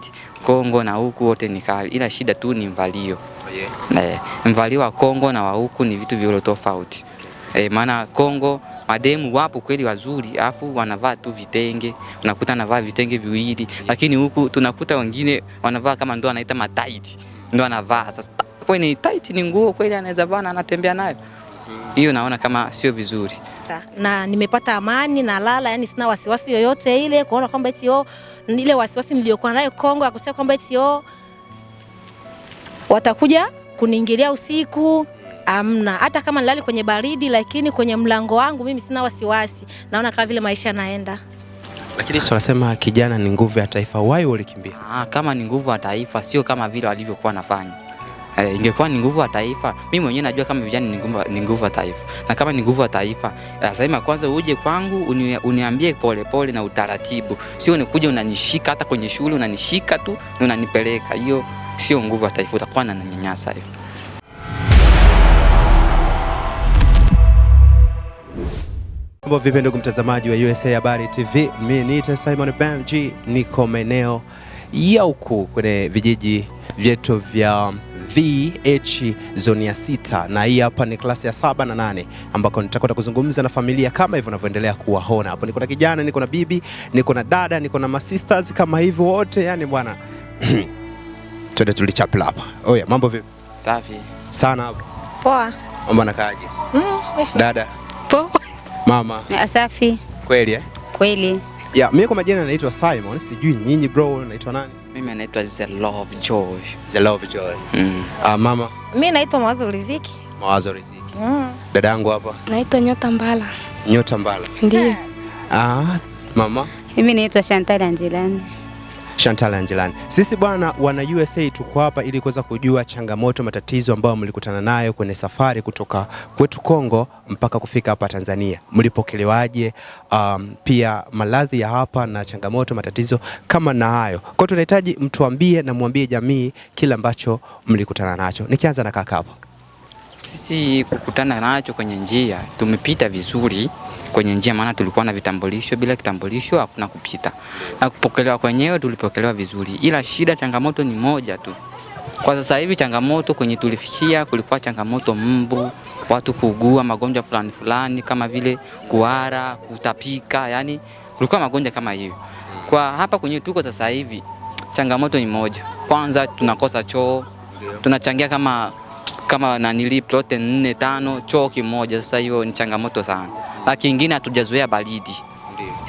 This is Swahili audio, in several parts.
kali. Kongo na huku wote ni kali, ila shida tu ni mvalio. Oh, eh, yeah. E, mvalio wa Kongo na wa huku ni vitu vyote tofauti. E, maana Kongo mademu wapo kweli wazuri, afu wanavaa tu vitenge, unakuta anavaa vitenge viwili yeah. Lakini huku tunakuta wengine wanavaa kama ndo anaita mataiti ndo anavaa sasa, kwani tight ni nguo kweli, anaweza vaa na anatembea nayo hiyo naona kama sio vizuri, na nimepata amani na lala, yani sina wasiwasi yoyote ile kuona kwamba eti oh, ile wasiwasi niliyokuwa nayo Kongo ya kusema kwamba eti oh, watakuja kuniingilia usiku amna. Hata kama nilali kwenye baridi, lakini kwenye mlango wangu mimi sina wasiwasi, naona kama vile maisha yanaenda. Lakini sio nasema kijana ni nguvu ya taifa, wai ulikimbia? Ah, kama ni nguvu ya taifa, sio kama vile walivyokuwa nafanya Eh, ingekuwa ni nguvu ya taifa, mimi mwenyewe najua kama vijana ni nguvu ya taifa, na kama ni nguvu ya taifa lazima eh, kwanza uje kwangu uni, uniambie polepole pole na utaratibu, sio nikuja unanishika hata kwenye shule unanishika tu na unanipeleka. Hiyo sio nguvu ya taifa, utakuwa na nyanyasa hiyo. Mambo vipi, ndugu mtazamaji wa USA Habari TV, mimi ni Simon Bamji, niko maeneo ya huku kwenye vijiji vyetu vya VH zone ya sita, na hii hapa ni klasi ya saba na nane, ambako nitakwenda kuzungumza na familia kama hivyo unavyoendelea kuwaona hapo. Niko na kijana, niko na bibi, niko na dada, niko na masisters kama hivyo wote, yani bwana twende tulichapla hapa. Oh yeah, mambo vipi? Safi sana hapo. Poa. Mambo nakaje? Mm, dada. Poa. Mama. Safi. Kweli eh? Kweli. Ya, yeah, mimi kwa majina naitwa Simon, sijui nyinyi bro naitwa nani? Mimi anaitwa Love Joy. Love Joy. Mm. Ah, mama. Mimi naitwa Mawazo Riziki. Mawazo Riziki. Mm. Dada yangu hapa. Naitwa Nyota Mbala. Nyota Mbala. Ndiyo. Ah, mama. Mimi naitwa Shantali Angelani. Chantal Angelani, sisi bwana wana USA tuko hapa ili kuweza kujua changamoto, matatizo ambayo mlikutana nayo kwenye safari kutoka kwetu Kongo mpaka kufika hapa Tanzania. Mlipokelewaje? Um, pia maradhi ya hapa na changamoto, matatizo kama na hayo Kwa tunahitaji mtuambie na mwambie jamii kile ambacho mlikutana nacho. Nikianza na kaka hapo, sisi kukutana nacho kwenye njia tumepita vizuri kwenye njia, maana tulikuwa na vitambulisho. Bila kitambulisho hakuna kupita. Na kupokelewa kwenyewe tulipokelewa vizuri, ila shida, changamoto ni moja tu. Kwa sasa hivi changamoto kwenye tulifikia kulikuwa changamoto mbu, watu kuugua magonjwa fulani fulani kama vile kuhara, kutapika, yani kulikuwa magonjwa kama hiyo. Kwa hapa kwenye tuko sasa hivi changamoto ni moja. Kwanza tunakosa choo, tunachangia kama kama nanili plote nne tano choo kimoja. Sasa hiyo ni changamoto sana na kingine hatujazoea baridi,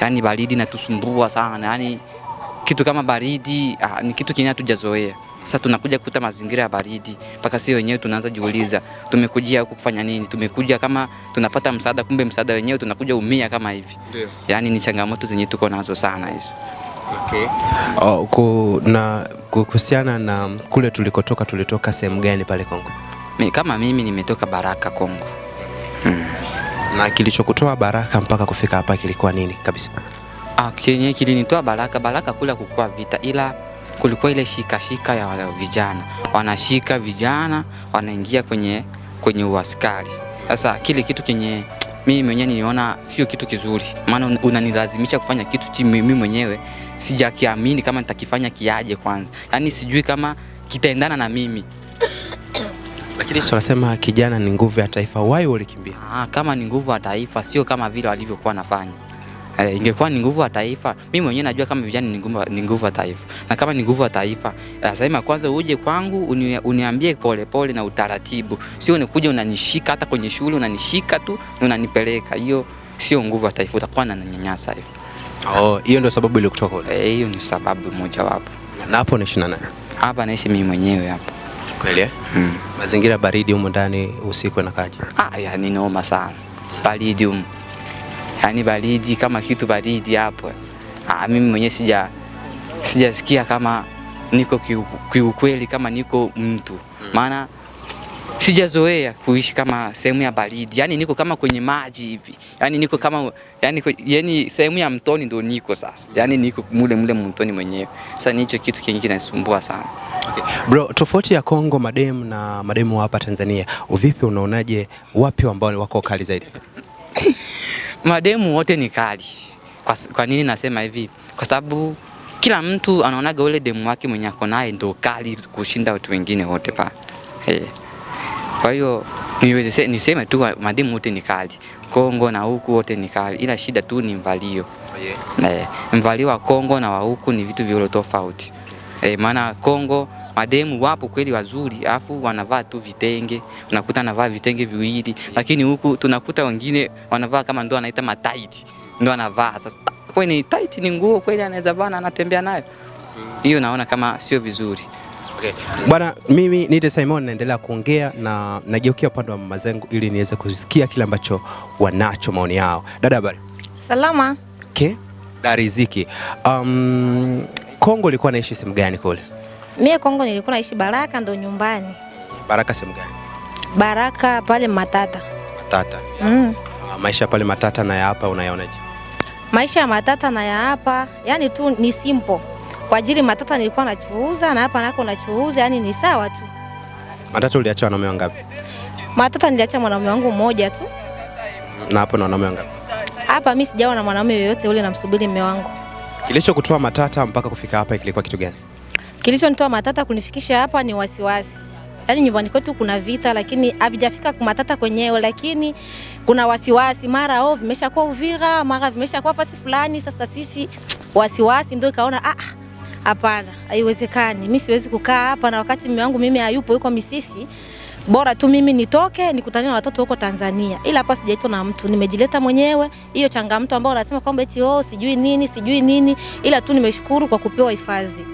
yaani baridi natusumbua sana, yaani kitu kama baridi ah, ni kitu kingine hatujazoea. Sasa tunakuja kukuta mazingira ya baridi, mpaka sisi wenyewe tunaanza jiuliza, tumekujia huku kufanya nini? Tumekuja kama tunapata msaada, kumbe msaada wenyewe tunakuja umia kama hivi. Yaani ni changamoto zenye tuko nazo sana hizo. Okay. Oh, kuhusiana na kule tulikotoka, tulitoka sehemu gani pale Kongo? Mi, kama mimi nimetoka Baraka Kongo. Hmm. Na kilichokutoa baraka mpaka kufika hapa kilikuwa nini kabisa? Ah, kenye kilinitoa baraka baraka kule kukua vita, ila kulikuwa ile shika shika ya wale vijana wanashika vijana wanaingia kwenye kwenye uaskari. Sasa kile kitu kenye mimi mwenyewe niliona sio kitu kizuri, maana unanilazimisha kufanya kitu mimi mwenyewe sijakiamini kama nitakifanya kiaje kwanza, yaani sijui kama kitaendana na mimi. Lakini sio nasema kijana ni nguvu ya taifa, wai walikimbia? Ah, kama ni nguvu ya taifa sio kama vile walivyokuwa nafanya. E, eh, ingekuwa ni nguvu ya taifa, mimi mwenyewe najua kama vijana ni nguvu ya taifa, na kama ni nguvu ya taifa eh, lazima kwanza uje kwangu uni, uniambie polepole na utaratibu, sio unakuja unanishika, hata kwenye shule unanishika tu na unanipeleka. Hiyo sio nguvu ya taifa, utakuwa na nyanyasa hiyo. Oh, hiyo ndio sababu ile kutoka kule. Eh, hiyo ni sababu moja wapo. Na hapo naishi nani? Hapa naishi mimi mwenyewe hapa kweli eh? Mm. Mazingira baridi humo ndani usiku yanakaje? Ah, yani noma sana. Baridi humo. Yaani baridi kama kitu baridi hapo. Ah, mimi mwenyewe sija sijasikia kama niko kiukweli kama niko mtu. Hmm. Maana mm. Sijazoea kuishi kama sehemu ya baridi, yaani niko kama kwenye maji hivi, yaani niko kama yaani, yaani sehemu ya mtoni ndo niko sasa, yaani niko mule mule mtoni mwenyewe. Sasa nicho kitu kingi kinanisumbua sana. Okay. Bro, tofauti ya Kongo mademu na mademu hapa Tanzania, uvipi? Unaonaje, wapi ambao wako kali zaidi? Mademu wote ni kali. Kwa, kwa nini nasema hivi? Kwa sababu kila mtu anaonaga ule demu wake mwenye ako naye ndo kali kushinda watu wengine wote pa. Hey. Eh. Kwa hiyo niweze niseme tu mademu wote ni kali. Kongo na huku wote ni kali, ila shida tu ni mvalio. Oh, yeah. Hey. Eh, mvalio wa Kongo na wa huku ni vitu viwili tofauti e, maana Kongo mademu wapo kweli wazuri, afu wanavaa tu vitenge, unakuta anavaa vitenge viwili, lakini huku tunakuta wengine wanavaa kama ndo anaita mataiti ndo anavaa sasa. Kwani taiti ni nguo kweli, anaweza vaa na anatembea nayo hiyo, naona kama sio vizuri. Okay. Bwana, mimi niite Simon, naendelea kuongea na nageukia upande wa mama zangu ili niweze kusikia kile ambacho wanacho maoni yao. Dada, habari? Salama. Okay. Dariziki. Um, Kongo ulikuwa naishi sehemu gani kule? Mie Kongo nilikuwa naishi Baraka, ndo nyumbani. Baraka sehemu gani? Baraka pale Matata. Matata. Mm. Ah, maisha pale Matata na ya hapa unayaonaje? Maisha ya Matata na ya hapa yani tu ni simple. Kwa ajili Matata nilikuwa nachuuza na hapa nako nachuuza, yani ni sawa tu. Matata uliacha wanaume wangapi? Matata niliacha mwanaume wangu mmoja tu. Na hapo na wanaume wangapi? Hapa mimi sijaona mwanaume yoyote ule, namsubiri mume wangu. Kilichokutoa matata mpaka kufika hapa kilikuwa kitu gani? Kilichonitoa matata kunifikisha hapa ni wasiwasi. Yaani nyumbani kwetu kuna vita, lakini havijafika kumatata kwenyewe, lakini kuna wasiwasi, mara oh, vimeshakuwa Uvira, mara vimeshakuwa fasi fulani. Sasa sisi wasiwasi ndio ikaona ah, hapana, haiwezekani, mi siwezi kukaa hapa na wakati mume wangu mimi hayupo, yuko Misisi bora tu mimi nitoke nikutane na watoto huko Tanzania, ila hapa sijaitwa na mtu, nimejileta mwenyewe. Hiyo changamoto ambayo unasema kwamba eti oh, sijui nini sijui nini, ila tu nimeshukuru kwa kupewa hifadhi.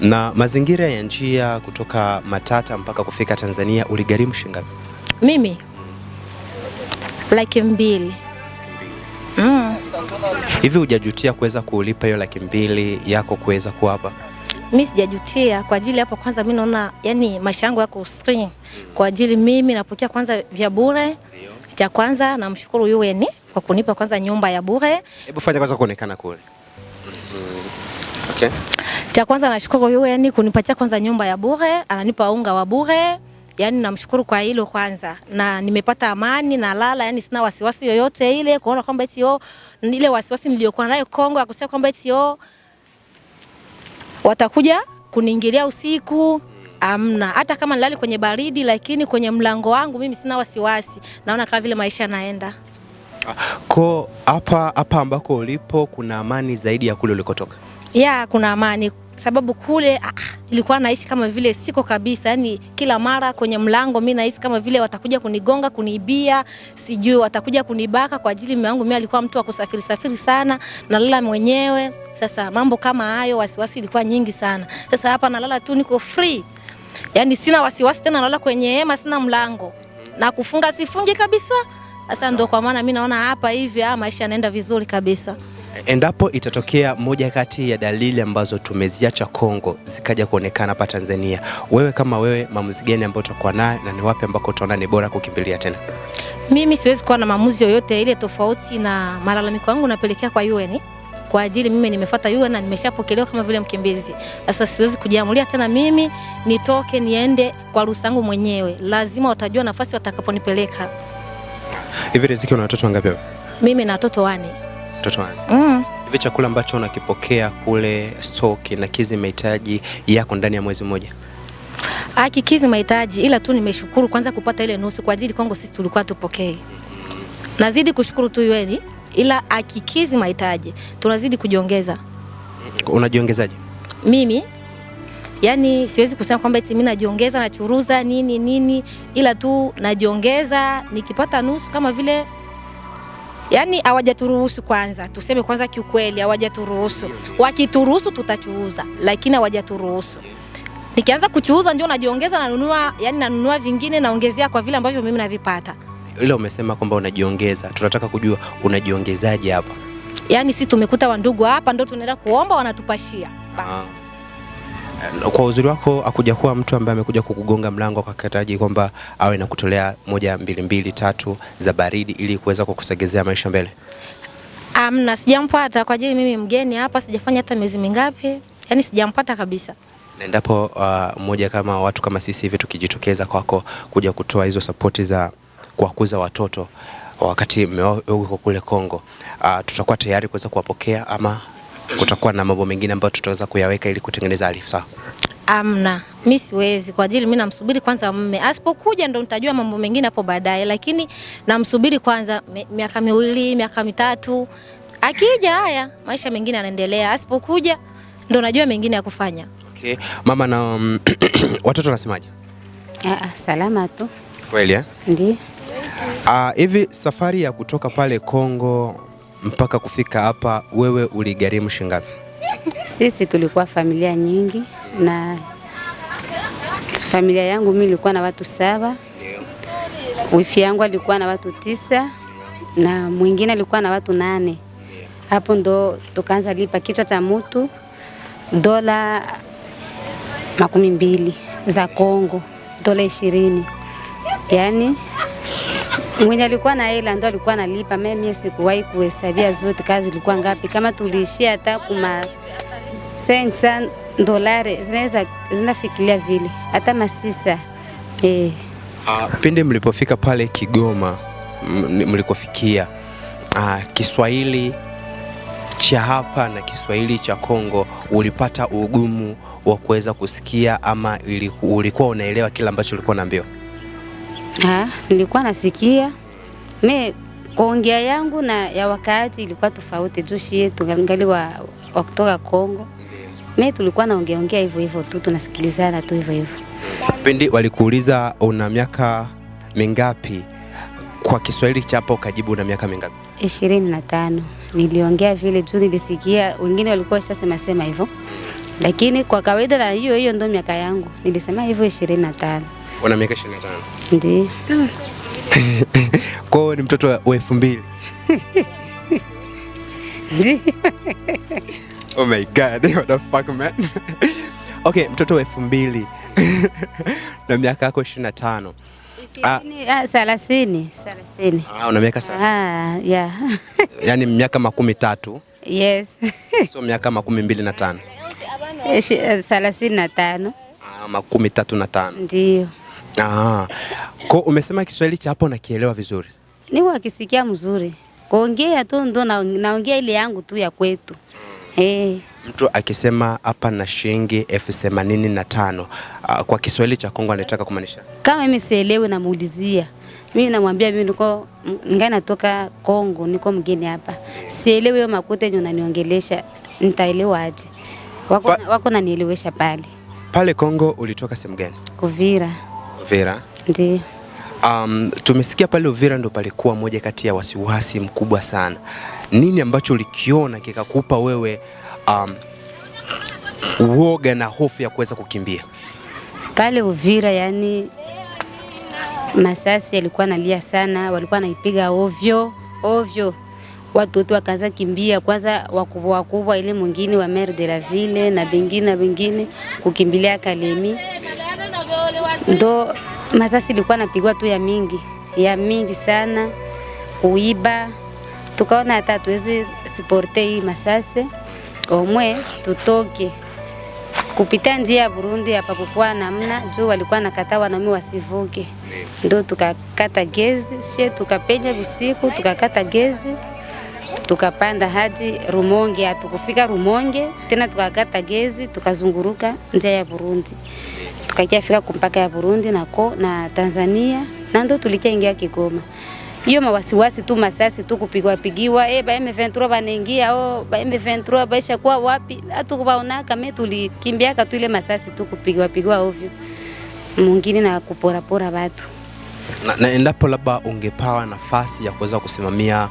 Na mazingira ya njia kutoka Matata mpaka kufika Tanzania uligharimu shilingi ngapi? Mimi laki mbili. Mm. Hivi hujajutia kuweza kuulipa hiyo laki mbili yako kuweza kuwapa mimi sijajutia kwa ajili hapo. Kwanza mimi naona yani maisha yangu yako stream kwa ajili mimi napokea kwanza vya bure. Cha kwanza namshukuru UN kwa kunipa kwanza nyumba ya bure. Hebu fanya kwanza kuonekana kule. Okay. Cha kwanza nashukuru UN kunipatia kwanza nyumba ya bure, ananipa unga wa bure. Yaani namshukuru kwa hilo kwanza, na nimepata amani na lala, yani sina wasiwasi yoyote ile kuona kwamba eti oh, ile wasiwasi niliyokuwa nayo Kongo ya kusema kwamba eti oh watakuja kuniingilia usiku amna. Hata kama nilali kwenye baridi, lakini kwenye mlango wangu mimi sina wasiwasi, naona kama vile maisha yanaenda. Ko hapa hapa ambako ulipo kuna amani zaidi ya kule ulikotoka? Ya, kuna amani sababu kule ah, nilikuwa naishi kama vile siko kabisa, yani kila mara kwenye mlango mi naishi kama vile watakuja kunigonga kuniibia, sijui watakuja kunibaka kwa ajili mume wangu. Mi alikuwa mtu wa kusafiri safiri sana, nalala mwenyewe. Sasa mambo kama hayo, wasiwasi ilikuwa nyingi sana. Sasa hapa nalala tu, niko free, yani sina wasiwasi tena, nalala kwenye hema, sina mlango na kufunga, sifungi kabisa. Sasa ndo kwa maana mi naona hapa hivi, ah, maisha yanaenda vizuri kabisa endapo itatokea moja kati ya dalili ambazo tumeziacha Kongo zikaja kuonekana hapa Tanzania, wewe kama wewe, maamuzi gani ambayo utakuwa nayo na ni wapi ambako utaona ni bora kukimbilia tena? Mimi siwezi kuwa na maamuzi yoyote ile tofauti na malalamiko yangu napelekea kwa UN kwa ajili mimi nimefuata UN na nimeshapokelewa kama vile mkimbizi. Sasa siwezi kujiamulia tena mimi nitoke niende kwa ruhusa yangu mwenyewe, lazima watajua nafasi watakaponipeleka. Hivi Riziki, una watoto wangapi? Mimi na watoto wane mtoto wangu mm. Hivi chakula ambacho unakipokea kule store kinakizi mahitaji yako ndani ya mwezi mmoja? Akikizi mahitaji, ila tu nimeshukuru kwanza kupata ile nusu kwa ajili Kongo, sisi tulikuwa tupokee. Nazidi kushukuru tu yweni, ila akikizi mahitaji tunazidi kujiongeza. Unajiongezaje? Mimi yani siwezi kusema kwamba eti mimi najiongeza, nachuruza nini nini, ila tu najiongeza nikipata nusu kama vile yani hawajaturuhusu kwanza, tuseme kwanza kiukweli, hawajaturuhusu. Wakituruhusu tutachuuza, lakini hawajaturuhusu. Nikianza kuchuuza ndio najiongeza, nanunua, yani nanunua vingine, naongezea kwa vile ambavyo mimi navipata. Ile umesema kwamba unajiongeza, tunataka kujua unajiongezaje hapa? Yani sisi tumekuta wandugu hapa, ndio tunaenda kuomba, wanatupashia basi. Ah kwa uzuri wako akuja kuwa mtu ambaye amekuja kukugonga mlango kwa kataji kwamba awe na kutolea moja mbili mbili tatu za baridi ili kuweza kukusegezea maisha mbele? Amna, um, sijampata kwa ajili mimi mgeni hapa, sijafanya hata miezi mingapi, yani sijampata kabisa. Na endapo uh, mmoja kama watu kama sisi hivi tukijitokeza kwako kuja kutoa hizo sapoti za kuwakuza watoto wakati mmewekwa kule Kongo, uh, tutakuwa tayari kuweza kuwapokea ama kutakuwa na mambo mengine ambayo tutaweza kuyaweka ili kutengeneza alifu sawa? Amna, mi siwezi kwa ajili, mi namsubiri kwanza mme asipokuja, ndo nitajua mambo mengine hapo baadaye, lakini namsubiri kwanza miaka miwili miaka mitatu. Akija haya maisha mengine yanaendelea, asipokuja ndo najua mengine ya kufanya. Okay. Mama na um, watoto wanasemaje? Ah, ah, salama tu kweli eh? Ah, Hivi safari ya kutoka pale Kongo mpaka kufika hapa, wewe uligharimu shingapi? Sisi tulikuwa familia nyingi, na familia yangu mimi nilikuwa na watu saba, wifi yangu alikuwa na watu tisa na mwingine alikuwa na watu nane. Hapo ndo tukaanza lipa kichwa cha mtu dola makumi mbili za Kongo, dola ishirini yani Mwenye alikuwa na hela ndo alikuwa analipa. Mimi sikuwahi kuhesabia zote kazi ilikuwa ngapi, kama tuliishia hata kuma 500 dolari zinaweza zinafikiria vile hata masisa eh. Uh, pindi mlipofika pale Kigoma mlikofikia, uh, Kiswahili cha hapa na Kiswahili cha Kongo ulipata ugumu wa kuweza kusikia ama ulikuwa unaelewa kile ambacho ulikuwa unaambiwa? Ha, nilikuwa nasikia me kuongea yangu na ya wakati ilikuwa tofauti tu, tungali wa, wa kutoka Kongo. Me tulikuwa ongea hivyo hivyo tu, tunasikilizana tu hivyo hivyo. Pindi walikuuliza una miaka mingapi kwa Kiswahili chapo, ukajibu una miaka mingapi? ishirini na tano. Niliongea vile tu, nilisikia wengine walikuwa washasema sema hivyo, lakini kwa kawaida na hiyo hiyo ndo miaka yangu, nilisema hivyo ishirini na tano una miaka 25. Ndio. Kwa hiyo ni mtoto wa 2000. mbili. Oh my god, what the fuck man. Okay, mtoto wa 2000 na miaka yako 25. Ah, thelathini. Ah, una miaka Ah, Yeah. Yaani miaka makumi tatu. Yes. So miaka makumi mbili na tano. Eh, thelathini na tano. Ah, makumi tatu na tano. Ndio. Ah. Kwa umesema Kiswahili cha hapo nakielewa vizuri? Niko akisikia mzuri. Kuongea tu ndo naongea ile yangu tu ya kwetu. Hmm. Eh. Mtu akisema hapa na shilingi elfu themanini na tano ah, kwa Kiswahili cha Kongo anataka kumaanisha? Kama mimi sielewi namuulizia. Mimi namwambia mimi niko ngai natoka Kongo, niko mgeni hapa. Sielewi hiyo makuta yenye unaniongelesha, nitaelewaje? Wako pa... wako nanielewesha pale. Pale Kongo ulitoka sehemu gani? Uvira. Uvira. Ndiyo. Um, tumesikia pale Uvira ndo palikuwa moja kati ya wasiwasi mkubwa sana. Nini ambacho ulikiona kikakupa wewe um, uoga na hofu ya kuweza kukimbia pale Uvira? Yani masasi yalikuwa nalia sana, walikuwa naipiga ovyo ovyo watoto wakaanza kimbia kwanza, wakubwa wakubwa, ile mwingine wa maire de la ville na bengine na bengine kukimbilia Kalemi, ndo masasi ilikuwa napigwa tu ya mingi ya mingi sana, kuiba. Tukaona hata tuwezi siporte hii masase, omwe tutoke kupitia njia ya Burundi hapa, kukuwa namna juu walikuwa nakataa wanaume wasivuke, ndo tukakata gezi shie, tukapenya visiku tukakata gezi tukapanda hadi Rumonge. Hatukufika Rumonge tena, tukakata gezi, tukazunguruka nje ya Burundi, tukakafika kumpaka ya Burundi na, ko, na Tanzania na ndo tulikia ingia Kigoma. Hiyo mawasiwasi tu masasi tu kupigwa pigiwa, eh ba M23 banaingia, oh ba M23 baisha kwa wapi? Hatukubaona kama tulikimbia ka tu ile masasi tu kupigwa pigiwa ovyo. Mwingine na kupora pora watu. Na, na endapo labda ungepawa nafasi ya kuweza kusimamia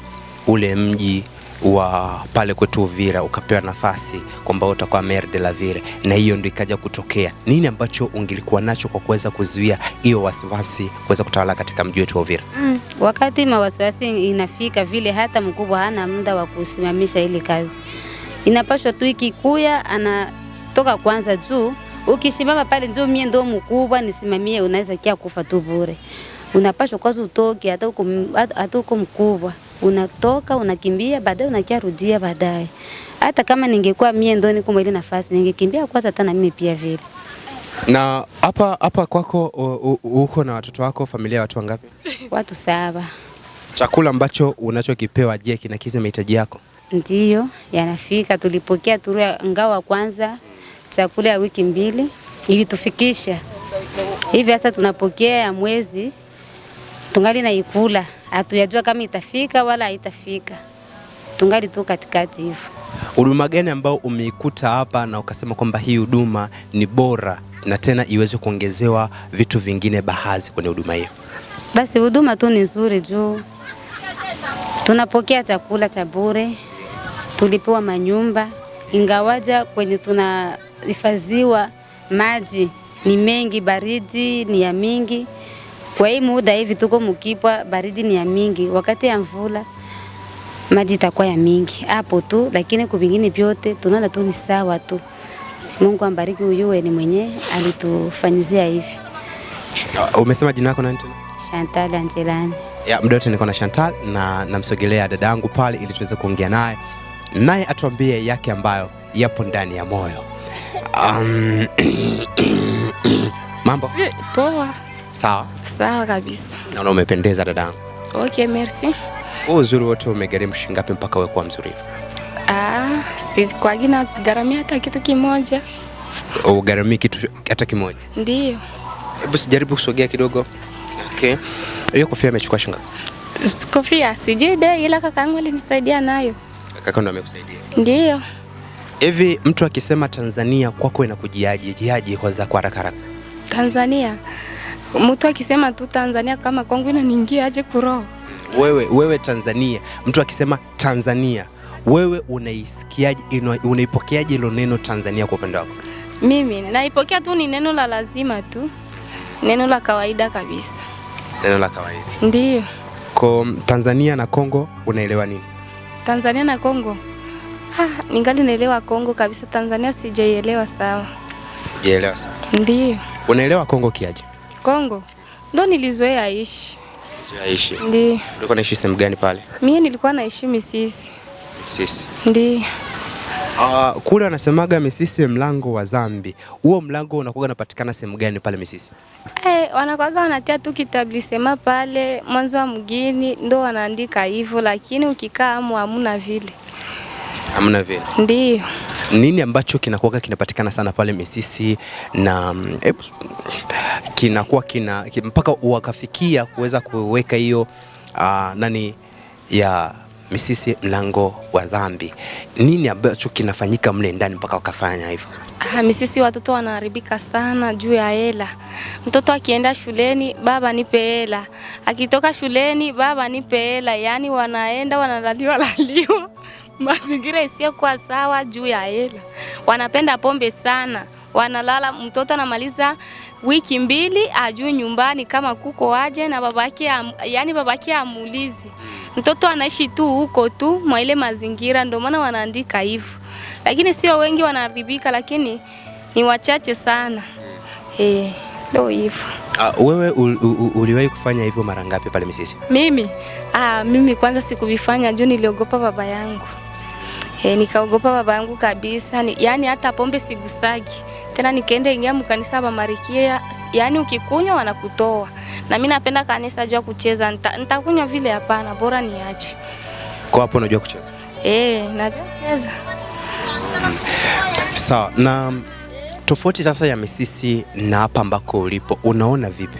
ule mji wa pale kwetu Uvira ukapewa nafasi kwamba utakuwa maire de la ville, na hiyo ndio ikaja kutokea. Nini ambacho ungilikuwa nacho kwa kuweza kuzuia hiyo wasiwasi kuweza kutawala katika mji wetu wa Uvira? Mm, wakati mawasiwasi inafika vile, hata mkubwa hana muda wa kusimamisha ili kazi, inapashwa tu ikikuya anatoka kwanza juu. Ukishimama pale juu, mie ndo mkubwa nisimamie, unaweza kia kufa tu bure. Unapashwa kwanza utoke, hata uko mkubwa unatoka unakimbia, baadaye unakia rudia baadaye. Hata kama ningekuwa mie ndo niko ile nafasi, ningekimbia kwanza, hata na mimi pia vile. Na hapa hapa kwako uko na watoto wako, familia ya watu wangapi? Watu saba. Chakula ambacho unachokipewa je, kinakidhi mahitaji yako? Ndiyo, yanafika. Tulipokea turua ngao kwanza chakula ya wiki mbili ili tufikisha hivi, sasa tunapokea ya mwezi tungali naikula hatujajua kama itafika wala haitafika, tungali tu katikati hivyo. Huduma gani ambayo umeikuta hapa na ukasema kwamba hii huduma ni bora na tena iweze kuongezewa vitu vingine bahazi kwenye huduma hiyo? Basi huduma tu ni nzuri juu tunapokea chakula cha bure, tulipewa manyumba, ingawaja kwenye tunahifadhiwa maji ni mengi, baridi ni ya mingi kwa hii muda hivi tuko mkipwa baridi ni ya mingi, wakati ya mvula maji itakuwa ya mingi hapo tu, lakini kuvingine vyote tunaona tu ni sawa tu. Mungu ambariki uyuwe ni mwenye alitufanyizia hivi. Umesema jina lako nani Chantal Angelani. Ya wote niko na Chantal na namsogelea dadangu pale ili tuweze kuongea naye naye atuambie yake ambayo yapo ndani ya moyo. Um, mambo poa. Sawa sawa kabisa. Naona umependeza dadangu. Okay, merci. Huu uzuri wote umegharimu shilingi ngapi mpaka wewe kuwa mzuri hivi? Ah, si kwa gina garamia hata kitu kimoja. Ugaramii oh, kitu hata kimoja? Ndio. Hebu sijaribu kusogea kidogo. Okay. Hiyo kofia imechukua shilingi ngapi? Kofia sijui bei, ila kakaangu alinisaidia nayo. Kaka ndo amekusaidia? Ndio. Hivi mtu akisema Tanzania kwako inakujiaje? Jiaje kwanza kwa haraka haraka? Tanzania mtu akisema tu Tanzania kama kwangu inaniingia aje kuroho? Wewe, wewe Tanzania, mtu akisema Tanzania, wewe unaisikiaje? Unaipokeaje hilo neno Tanzania kwa upande wako? Mimi naipokea tu, ni neno la lazima tu, neno la kawaida kabisa, neno la kawaida ndio. Kwa Tanzania na Kongo unaelewa nini? Tanzania na Kongo, ha, ningali naelewa Kongo kabisa. Tanzania sijaielewa sawa, Sijaielewa sawa, ndio. Unaelewa Kongo kiaje? Kongo ndo nilizoea ishi. Aishi. Ndio. Ulikuwa naishi sehemu gani pale? Mimi nilikuwa naishi Misisi. Misisi. ndi Uh, kule wanasemaga Misisi mlango wa zambi. Huo mlango unakuwa unapatikana sehemu gani pale Misisi? Eh, wanakuwaga wanatia tu kitablisema pale mwanzo wa mgini ndo wanaandika hivyo, lakini ukikaa hamu hamuna vile. Hamuna vile. Ndio nini ambacho kinakuwa kinapatikana sana pale Misisi na e, kinakuwa kina mpaka wakafikia kuweza kuweka hiyo uh, nani ya Misisi mlango wa dhambi, nini ambacho kinafanyika mle ndani mpaka wakafanya hivyo? Ah, Misisi watoto wanaharibika sana juu ya hela. Mtoto akienda shuleni, baba nipe hela, akitoka shuleni, baba nipe hela, yaani wanaenda wanalaliwa laliwa mazingira isiyokuwa sawa juu ya hela. Wanapenda pombe sana, wanalala. Mtoto anamaliza wiki mbili ajui nyumbani kama kuko waje na babake, yani babake amulizi. Mm. Mtoto anaishi tu huko tu mwa ile mazingira, ndio maana wanaandika hivyo, lakini sio wengi wanaharibika, lakini ni wachache sana mm. eh. Ndio hivyo. Uh, wewe uliwahi kufanya hivyo mara ngapi pale Misisi? Mimi? Ah, mimi kwanza sikuvifanya juu niliogopa baba yangu. E, nikaogopa baba yangu kabisa ni, yani hata pombe sigusagi tena, nikaenda ingia mkanisa bamarikia, yani ukikunywa wanakutoa. Na mimi napenda kanisa jua kucheza, nitakunywa nita vile, hapana, bora niache. Kwa hapo unajua kucheza? Eh, najua kucheza. Hmm. Sawa. Na tofauti sasa ya Misisi na hapa ambako ulipo unaona vipi?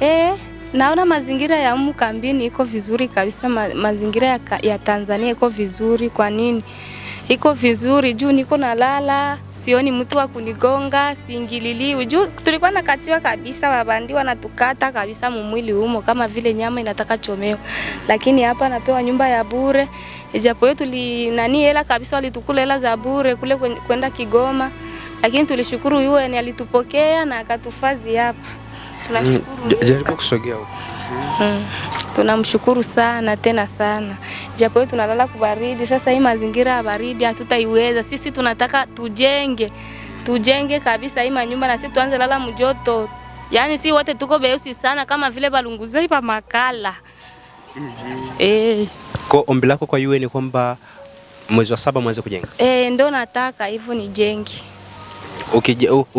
Eh. Naona mazingira ya humu kambini iko vizuri kabisa, ma, mazingira ya, ya Tanzania iko vizuri. Kwa nini iko vizuri? Juu niko nalala, sioni mtu wa kunigonga, siingililiwi. Juu tulikuwa nakatiwa kabisa, wabandi wanatukata kabisa mumwili humo, kama vile nyama inataka chomeo, lakini hapa napewa nyumba ya bure, ijapo yetu tuli nani hela kabisa, walitukula hela za bure kule kwenda Kigoma, lakini tulishukuru UN alitupokea na akatufazi hapa. Jaribu kusogea huko. Hmm. Tunamshukuru sana tena sana, japo hiyo tunalala kubaridi. Sasa hii mazingira ya baridi hatutaiweza sisi, tunataka tujenge, tujenge kabisa hii manyumba, na sisi tuanze lala mjoto, yaani si wote tuko beusi sana kama vile balunguzi pa makala. Mhm. Eh. Kwa ombi lako kwa yue ni kwamba mwezi wa saba mwanze kujenga? Eh, ndo nataka hivyo nijengi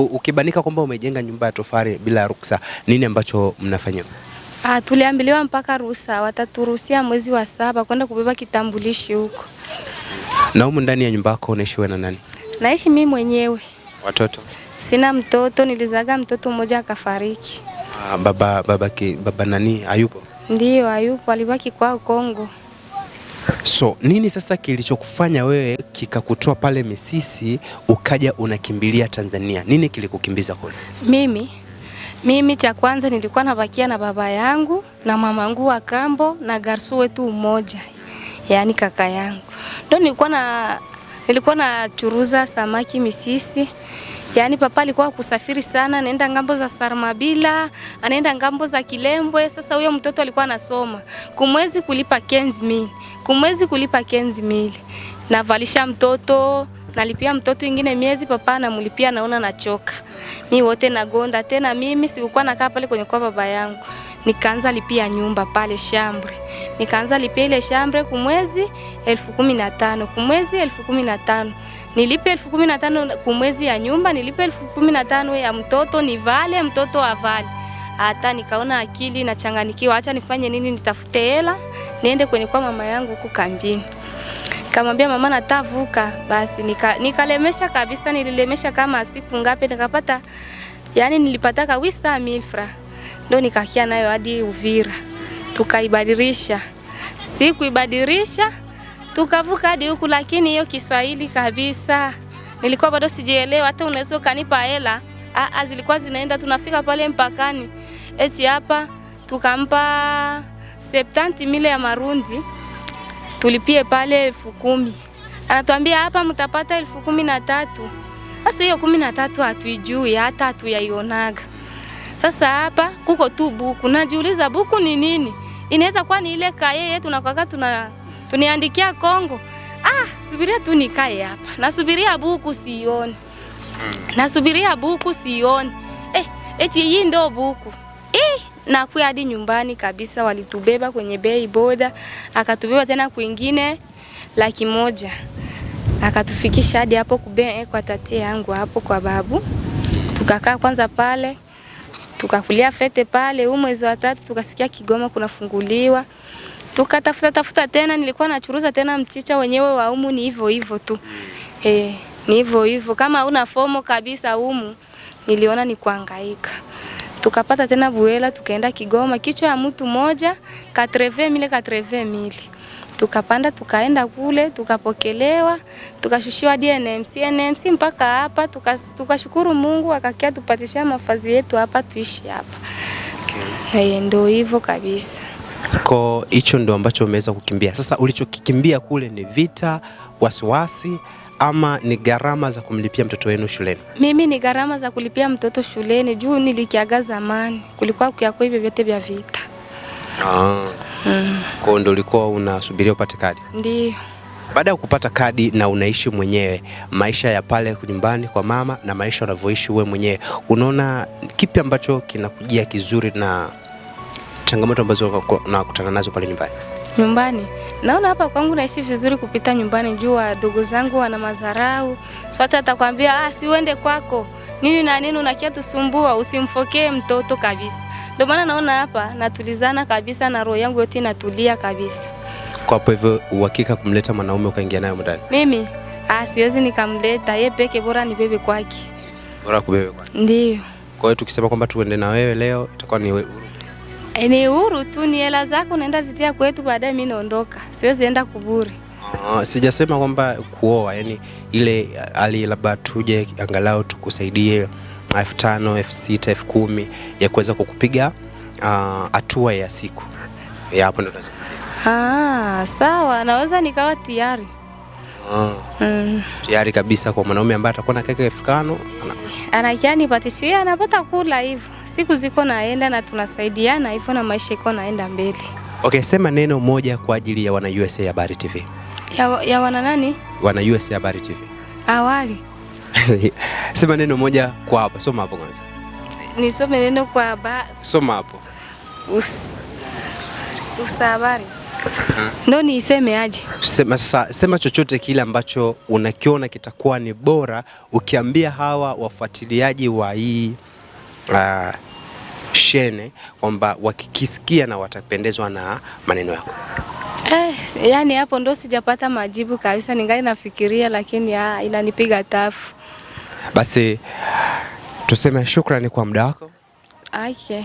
ukibanika kwamba umejenga nyumba ya tofali bila ruksa, nini ambacho mnafanya? Ah, tuliambiliwa mpaka ruhusa, wataturuhusia mwezi wa saba kwenda kubeba kitambulishi huko. Na humu ndani ya nyumba yako unaishi na nani? Naishi mimi mwenyewe. Watoto? Sina mtoto, nilizaga mtoto mmoja akafariki. Ah, baba, baba, baba nani hayupo? Ndiyo, hayupo, alibaki kwao Kongo. So nini sasa kilichokufanya wewe kikakutoa pale Misisi ukaja unakimbilia Tanzania? Nini kilikukimbiza kule? Mimi mimi cha kwanza nilikuwa nabakia na baba yangu na mamangu wa kambo na garsu wetu mmoja, yaani kaka yangu. Ndio nilikuwa na nilikuwa nachuruza samaki Misisi Yaani papa alikuwa kusafiri sana, anaenda ngambo za Sarmabila, anaenda ngambo za Kilembwe. Sasa huyo mtoto alikuwa anasoma kumwezi kulipa kenzi mili, kumwezi kulipa kenzi mili, navalisha mtoto nalipia mtoto ingine miezi, papa anamlipia, naona nachoka mi wote nagonda tena. Mimi sikukuwa nakaa pale kwenye kwa baba yangu, nikaanza lipia nyumba pale Shambre, nikaanza lipia ile Shambre kumwezi elfu kumi na tano kumwezi elfu kumi na tano nilipe elfu kumi na tano kumwezi ya nyumba, nilipe elfu kumi na tano ya mtoto, nivale mtoto avale. Hata nikaona akili nachanganikiwa, acha nifanye nini? Nitafute hela niende kwenye kwa mama yangu huko kambini. Kamwambia mama natavuka, basi nika, nikalemesha kabisa, nililemesha kama siku ngapi, nikapata yani nilipata kabisa milfra, ndo nikakia nayo hadi Uvira, tukaibadilisha siku ibadilisha tukavuka hadi huku, lakini hiyo Kiswahili kabisa nilikuwa bado sijielewa. Hata unaweza ukanipa hela a, ah, ah, zilikuwa zinaenda. Tunafika pale mpakani, eti hapa tukampa septanti mile ya marundi tulipie pale elfu kumi anatuambia hapa mtapata elfu kumi na tatu Sasa hiyo kumi na tatu hatuijui hata hatuyaionaga. Sasa hapa kuko tu buku, najiuliza buku ni nini? Inaweza kuwa ni ile kaye yetu nakaka tuna tuniandikia Kongo. Ah, subiria tu nikae hapa, nasubiria buku sioni, mm. nasubiria buku sioni. Eh, eti hii ndo buku eh, na kwa hadi nyumbani kabisa, walitubeba kwenye bei boda, akatubeba tena kwingine laki moja akatufikisha hadi hapo kube eh, kwa tati yangu hapo kwa babu, tukakaa kwanza pale tukakulia fete pale. Huu mwezi wa tatu tukasikia Kigoma kunafunguliwa tukatafuta tafuta tena, nilikuwa nachuruza tena mchicha wenyewe wa umu, ni hivyo hivyo tu mm. eh, ni hivyo hivyo, kama una fomo kabisa umu, niliona ni kuangaika. tukapata tena buela, tukaenda Kigoma, kichwa ya mtu moja katreve mile katreve mile, tukapanda tukaenda kule, tukapokelewa tukashushiwa DNMC NMC mpaka hapa. Tukashukuru Mungu akakia tupatishia mafazi yetu hapa, tuishi hapa okay. Eh, ndio hivyo kabisa. Kwa hicho ndo ambacho umeweza kukimbia. Sasa ulichokikimbia kule ni vita, wasiwasi ama ni gharama za kumlipia mtoto wenu shuleni? Mimi ni gharama za kulipia mtoto shuleni juu nilikiaga zamani, kulikuwa kukiako hivyo vyote vya vita. Ah. Mm. Kwa ndo ulikuwa unasubiria upate kadi? Ndio. Baada ya kupata kadi na unaishi mwenyewe maisha ya pale nyumbani kwa mama na maisha unavyoishi wewe mwenyewe, unaona kipi ambacho kinakujia kizuri na changamoto ambazo nakutana nazo pale nyumbani? Nyumbani naona hapa kwangu naishi vizuri kupita nyumbani, jua wadogo zangu wana madharau. Swata atakwambia ah, si uende kwako nini na nini, unakia tusumbua, usimfokee mtoto kabisa. Ndio maana naona hapa natulizana kabisa na roho yangu yote inatulia kabisa. Kwa hapo hivyo, uhakika kumleta mwanaume ukaingia naye mdani? Mimi ah, siwezi nikamleta yeye peke, bora ni bebe kwake, bora kubebe kwake. Ndio. Kwa hiyo tukisema kwamba tuende na wewe leo itakuwa ni we ni huru tu, ni hela zako naenda zitia kwetu, baadaye mimi naondoka, siwezi enda kuburi. Uh, ah, sijasema kwamba kuoa, yani ile hali labda tuje angalau tukusaidie elfu tano elfu sita elfu kumi ya kuweza kukupiga ah, hatua uh, ya siku ya hapo ndo ah, sawa, naweza nikawa tayari Ah, mm. Tayari kabisa kwa mwanaume ambaye atakuwa na keka elfu tano anakanipatia anapata kula hivyo siku ziko naenda na tunasaidiana hivyo na maisha iko naenda mbele. Okay, sema neno moja kwa ajili ya wana USA Habari TV. Ya, ya wana nani? Wana USA Habari TV. Awali. Sema neno moja kwa hapa. Soma hapo kwanza. Nisome neno kwa ba... Soma hapo. Us... Usabari. Ndo niiseme aje? Sema, sema chochote kile ambacho unakiona kitakuwa ni bora ukiambia hawa wafuatiliaji wa hii uh, shene kwamba wakikisikia na watapendezwa na maneno yako? Eh, yani hapo ndo sijapata majibu kabisa, ningali nafikiria, lakini ya, ah, inanipiga tafu. Basi tuseme shukrani kwa muda wako. Okay.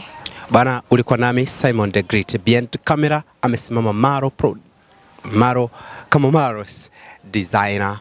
Bana, ulikuwa nami Simon the Great. Behind camera amesimama Maro Pro, Maro kama Maros designer